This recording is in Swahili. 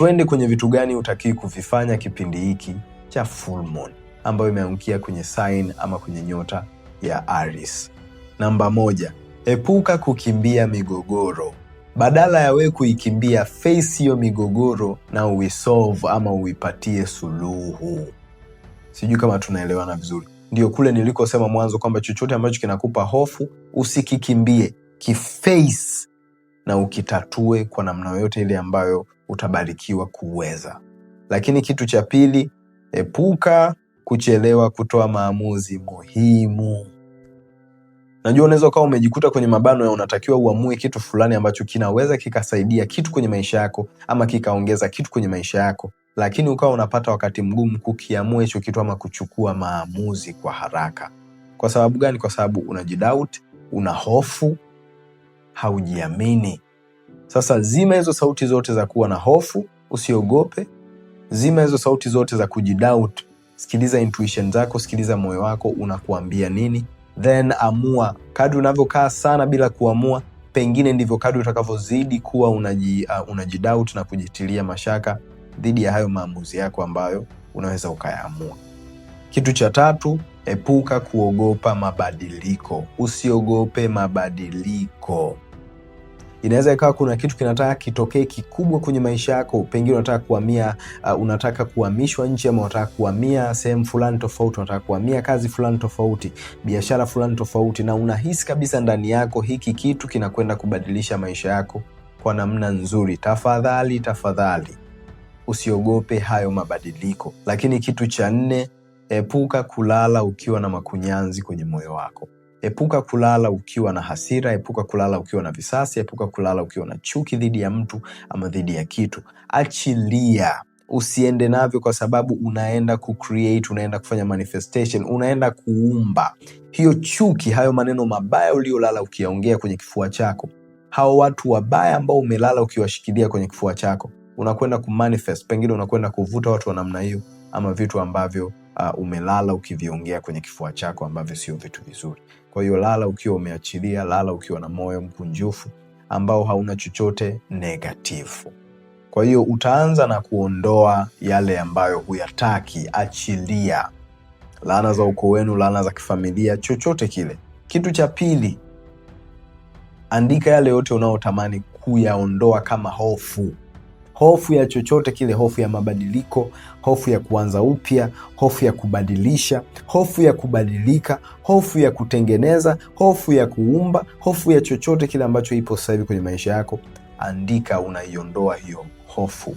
Tuende kwenye vitu gani utakii kuvifanya kipindi hiki cha full moon ambayo imeangukia kwenye sign ama kwenye nyota ya Aries. Namba moja, epuka kukimbia migogoro. Badala ya wewe kuikimbia, face hiyo migogoro na uisolve ama uipatie suluhu. Sijui kama tunaelewana vizuri. Ndio kule nilikosema mwanzo kwamba chochote ambacho kinakupa hofu usikikimbie, kiface na ukitatue kwa namna yoyote ile ambayo utabarikiwa kuweza. Lakini kitu cha pili, epuka kuchelewa kutoa maamuzi muhimu. Najua unaweza ukawa umejikuta kwenye mabano ya unatakiwa uamue kitu fulani ambacho kinaweza kikasaidia kitu kwenye maisha yako ama kikaongeza kitu kwenye maisha yako, lakini ukawa unapata wakati mgumu kukiamua hicho kitu ama kuchukua maamuzi kwa haraka. Kwa sababu gani? Kwa sababu unajidoubt, una hofu, haujiamini. Sasa zima hizo sauti zote za kuwa na hofu, usiogope. Zima hizo sauti zote za kujidoubt. Sikiliza intuition zako, sikiliza moyo wako unakuambia nini, then amua. Kadri unavyokaa sana bila kuamua, pengine ndivyo kadri utakavyozidi kuwa unaji, uh, unajidoubt na kujitilia mashaka dhidi ya hayo maamuzi yako ambayo unaweza ukayaamua. Kitu cha tatu, epuka kuogopa mabadiliko. Usiogope mabadiliko. Inaweza ikawa kuna kitu kinataka kitokee kikubwa kwenye maisha yako, pengine unataka kuhamia, uh, unataka kuhamishwa nchi ama unataka kuhamia sehemu fulani tofauti, unataka kuhamia kazi fulani tofauti, biashara fulani tofauti, na unahisi kabisa ndani yako hiki kitu kinakwenda kubadilisha maisha yako kwa namna nzuri. Tafadhali, tafadhali usiogope hayo mabadiliko. Lakini kitu cha nne, epuka kulala ukiwa na makunyanzi kwenye moyo wako. Epuka kulala ukiwa na hasira, epuka kulala ukiwa na visasi, epuka kulala ukiwa na chuki dhidi ya mtu ama dhidi ya kitu. Achilia, usiende navyo, kwa sababu unaenda kucreate, unaenda kufanya manifestation, unaenda kuumba hiyo chuki, hayo maneno mabaya uliolala ukiyaongea kwenye kifua chako, hao watu wabaya ambao umelala ukiwashikilia kwenye kifua chako, unakwenda kumanifest. Pengine unakwenda kuvuta watu wa namna hiyo ama vitu ambavyo uh, umelala ukiviongea kwenye kifua chako ambavyo sio vitu vizuri. Kwa hiyo lala ukiwa umeachilia, lala ukiwa na moyo mkunjufu ambao hauna chochote negatifu. Kwa hiyo utaanza na kuondoa yale ambayo huyataki, achilia laana za ukoo wenu, laana za kifamilia, chochote kile. Kitu cha pili, andika yale yote unaotamani kuyaondoa kama hofu hofu ya chochote kile, hofu ya mabadiliko, hofu ya kuanza upya, hofu ya kubadilisha, hofu ya kubadilika, hofu ya kutengeneza, hofu ya kuumba, hofu ya chochote kile ambacho ipo sasa hivi kwenye maisha yako, andika unaiondoa hiyo hofu.